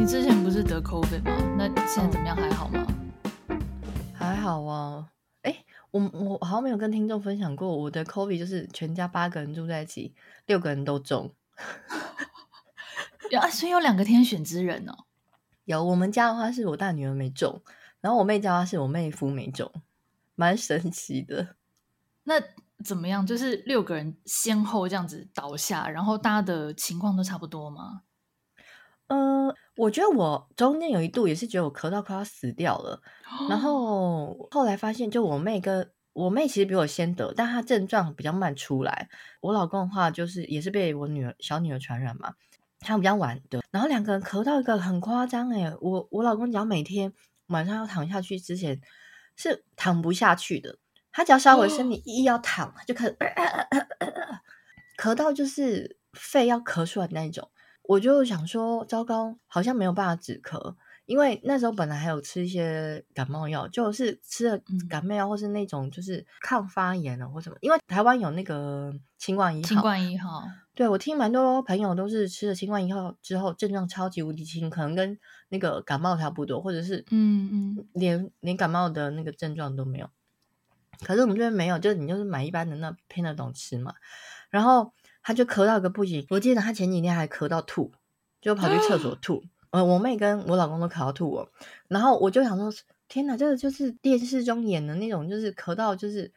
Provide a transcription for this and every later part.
你之前不是得 COVID 嗎？那你現在怎麼樣？還好嗎、哦？還好啊。哎、欸，我我好像沒有跟聽眾分享過，我的 COVID 就是全家八個人住在一起，六個人都中。 有 啊，所以有兩個天選之人哦。有，我們家的話是我大女兒沒中，然後我妹家的話是我妹夫沒中，蠻神奇的。那怎麼樣？就是六個人先後這樣子倒下，然後大家的情況都差不多嗎？嗯、呃，我覺得我中間有一度也是覺得我咳到快要死掉了， 然後後來發現就我妹跟我妹其實比我先得，但她症狀比較慢出來。我老公的話就是也是被我女兒小女兒傳染嘛，他們比較晚得，然後兩個人咳到一個很誇張誒、欸，我我老公只要每天晚上要躺下去之前是躺不下去的，他只要稍微身體一要躺，就咳咳，咳到就是肺要咳出來那一種。我就想說，糟糕，好像沒有辦法止咳，因為那時候本來還有吃一些感冒藥，就是吃了感冒藥或是那種就是抗發炎的或什麼，因為台灣有那個清冠一號，清冠一號，對，我聽蠻多朋友都是吃了清冠一號之後症狀超級無敵輕，可能跟那個感冒差不多，或者是嗯嗯連連感冒的那個症狀都沒有，可是我們這邊沒有，就是你就是買一般的那偏的東西吃嘛，然後。他就咳到個不行，我記得他前幾天還咳到吐，就跑去廁所吐。呃， 我妹跟我老公都咳到吐哦。然後我就想說，天吶，這個就是電視中演的那種，就是咳到就是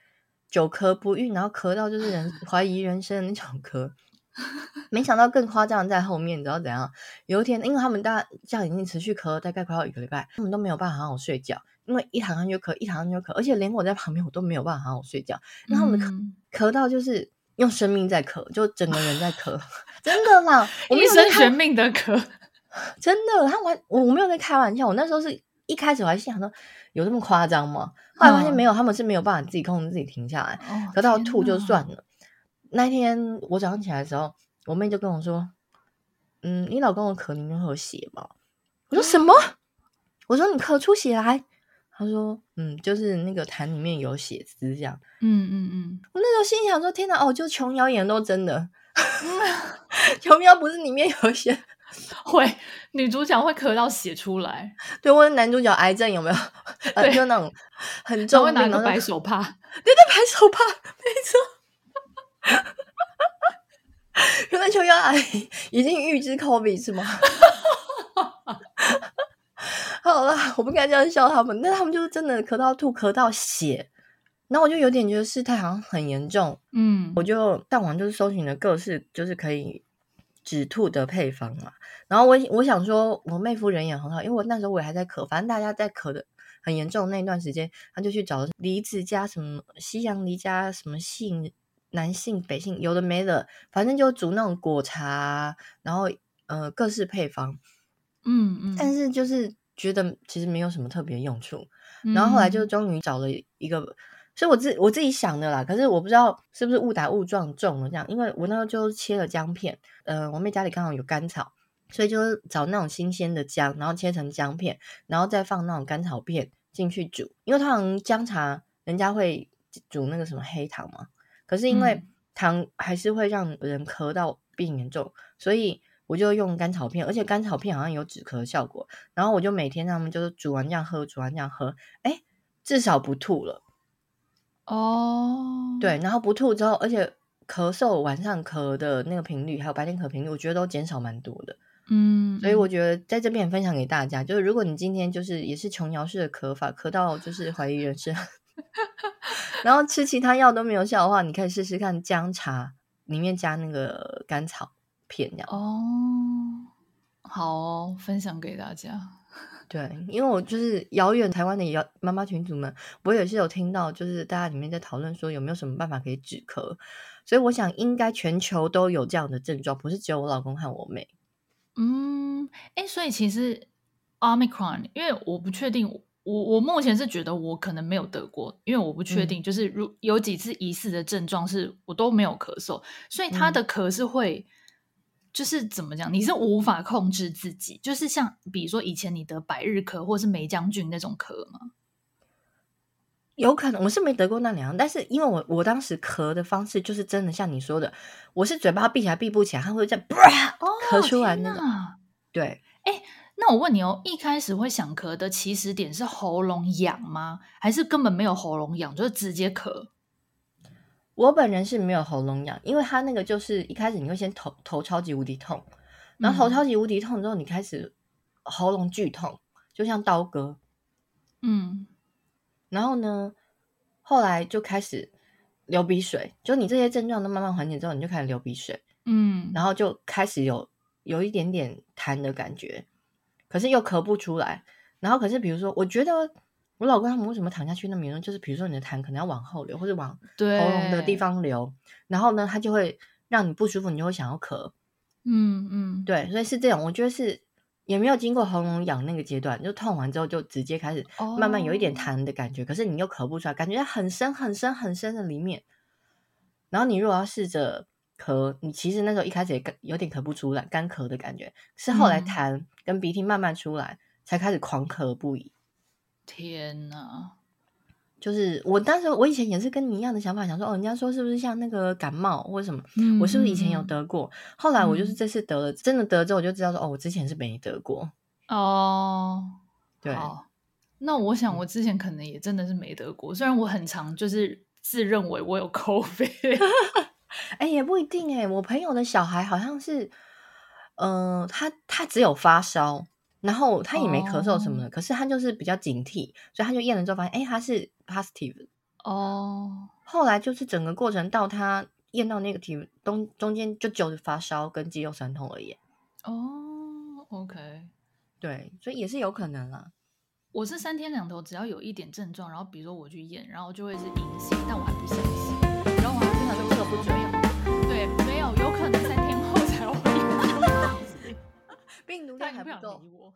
久咳不愈，然後咳到就是人懷疑人生的那種咳。 沒想到更誇張在後面，你知道怎樣？有一天，因為他們大家這樣已經持續咳了，大概快要一個禮拜，他們都沒有辦法好好睡覺，因為一躺下就咳，一躺下就咳，而且連我在旁邊我都沒有辦法好好睡覺。然後我們咳、嗯、咳到就是。用生命在咳，就整個人在咳， 真的嗎？啦！我沒有 一生懸命的咳，真的。他玩我，我沒有在開玩笑。我那時候是一開始我還是想說，有這麼誇張嗎？後來發現沒有，嗯，他們是沒有辦法自己控制自己停下來。咳，哦，到吐就算了。那一天我早上起來的時候，我妹就跟我說：“嗯，你老公的咳裡面有血吧？”我說什麼？嗯，我說你咳出血來。他說：“嗯，就是那個痰裡面有血絲，這樣。嗯嗯嗯，我那時候心想說：天哪，哦，就瓊瑤演都真的。瓊 瑤不是裡面有一些會女主角會咳到血出來，對，問男主角癌症有沒有？呃、就那種很重點，會拿個白手帕，對對，對，白手帕，沒錯。 原來瓊瑤阿姨已經預知 COVID 是嗎？” 我不該這樣笑他們，那他們就是真的咳到吐，咳到血。那我就有點覺得事態好像很嚴重。嗯，我就當晚就是搜尋了各式就是可以止吐的配方嘛。然後我我想說，我妹夫人也很好，因為我那時候我也還在咳，反正大家在咳的很嚴重那段時間，他就去找梨子加什麼西洋梨加什麼南杏北杏，有的沒的，反正就煮那種果茶，然後呃各式配方。嗯嗯，但是就是。覺得其實沒有什麼特別用處，嗯，然後後來就終於找了一個，是我自我自己想的啦。可是我不知道是不是誤打誤撞中了這樣，因為我那時候就切了薑片，呃，我妹家裡剛好有甘草，所以就是找那種新鮮的薑，然後切成薑片，然後再放那種甘草片進去煮。因為通常薑茶人家會煮那個什麼黑糖嘛，可是因為糖還是會讓人咳到病嚴重，嗯，所以。我就用甘草片，而且甘草片好像有止咳效果。然後我就每天他們就是煮完這樣喝，煮完這樣喝。誒，至少不吐了。哦、oh.，對，然後不吐之後，而且咳嗽晚上咳的那個頻率，還有白天咳頻率，我覺得都減少蠻多的。嗯、mm -hmm.，所以我覺得在這邊也分享給大家，就是如果你今天就是也是瓊瑤式的咳法，咳到就是懷疑人生， 然後吃其他藥都沒有效的話，你可以試試看薑茶裡面加那個甘草片。oh, 哦，好，分享給大家。對，因為我就是遙遠台灣的媽媽群組們，我也是有聽到，就是大家裡面在討論說有沒有什麼辦法可以止咳。所以我想，應該全球都有這樣的症狀，不是只有我老公和我妹。嗯，哎，所以其實 Omicron 因為我不確定，我我目前是覺得我可能沒有得過，因為我不確定，就是如、嗯、有幾次疑似的症狀，是我都沒有咳嗽，所以他的咳是會。嗯就是怎麼講？你是無法控制自己，就是像比如說以前你得百日咳或是黴漿菌那種咳嗎？有可能我是沒得過那兩樣，但是因為我我當時咳的方式就是真的像你說的，我是嘴巴閉起來閉不起來，他會這、呃哦、咳出來那種。對，哎，那我問你哦，一開始會想咳的起始點是喉嚨癢嗎？還是根本沒有喉嚨癢，就是直接咳？我本人是沒有喉嚨癢，因為他那個就是一開始你會先頭頭超級無敵痛，然後頭超級無敵痛之後，你開始喉嚨劇痛，就像刀割，嗯，然後呢，後來就開始流鼻水，就你這些症狀都慢慢緩解之後，你就開始流鼻水，嗯，然後就開始有有一點點痰的感覺，可是又咳不出來，然後可是比如說，我覺得。我老公他們為什麼躺下去那麼嚴重？就是比如說你的痰可能要往後流，或者往喉嚨的地方流，然後呢，他就會讓你不舒服，你就會想要咳。嗯嗯，對，所以是這樣。我覺得是也沒有經過喉嚨癢那個階段，就痛完之後就直接開始慢慢有一點痰的感覺，哦，可是你又咳不出來，感覺很深很深很深的裡面。然後你如果要試着咳，你其實那時候一開始也有點咳不出來，乾咳的感覺，是後來痰跟鼻涕慢慢出來，才開始狂咳不已。天吶，就是我當時，我以前也是跟你一樣的想法，想說哦，人家說是不是像那個感冒或者什麼？我是不是以前有得過？後來我就是這次得了，真的得之後我就知道說哦，我之前是沒得過哦。對哦，那我想我之前可能也真的是沒得過，雖然我很常就是自認為我有 COVID，哎，也不一定哎、欸。我朋友的小孩好像是，嗯、呃，他他只有發燒。然後他也沒咳嗽什麼的，oh. 可是他就是比較警惕，所以他就驗了之後發現，哎、欸，他是 positive 哦。Oh. 後來就是整個過程到他驗到那個 negative，中中間就就是發燒跟肌肉酸痛而已。哦、oh,，OK，對，所以也是有可能啦。我是三天兩頭只要有一點症狀，然後比如說我去驗，然後就會是陰性，但我還不相信。然後我還經常、嗯嗯就是、說我不用、嗯、對，沒有，有可能三。動，但你不想理我。